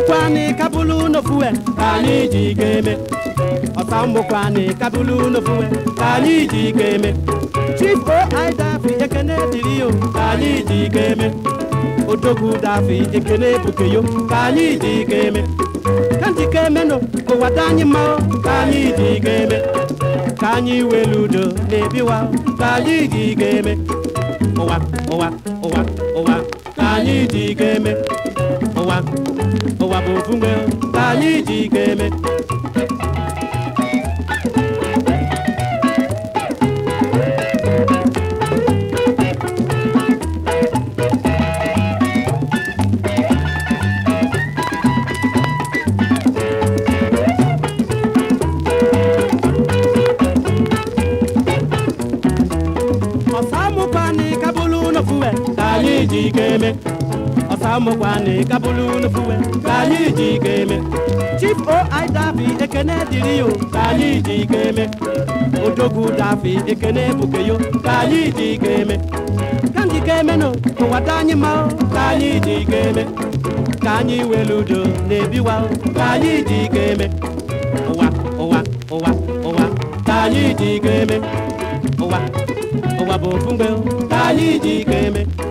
ọsambukwani kabulu n'ofuwe ka anyị ji ike eme ọsambukwani kabulu n'ofuwe ka anyị ji ike eme ekene dịrị yo ka anyị ji ike eme ekene buke yo ka anyị ji ike eme ka ndị ike eme nọ ụwata anyị mma ka anyị ji ike eme ka anyị welu udo na-ebiwa ka anyị ji ike eme ụwa ụwa ụwa ụwa ụwa bụ tani mgbe ka anyị ji ike eme anyị ji ike famu kwani kabulu nufuwe kayi jikeme chief o ai dafi ekene diriyo kayi jikeme odogu dafi ekene bukeyo kayi jikeme kanji keme no kowatanyi mao kayi jikeme kanyi weludo nebiwa kayi jikeme owa owa owa owa kayi jikeme owa owa bofungbe kayi jikeme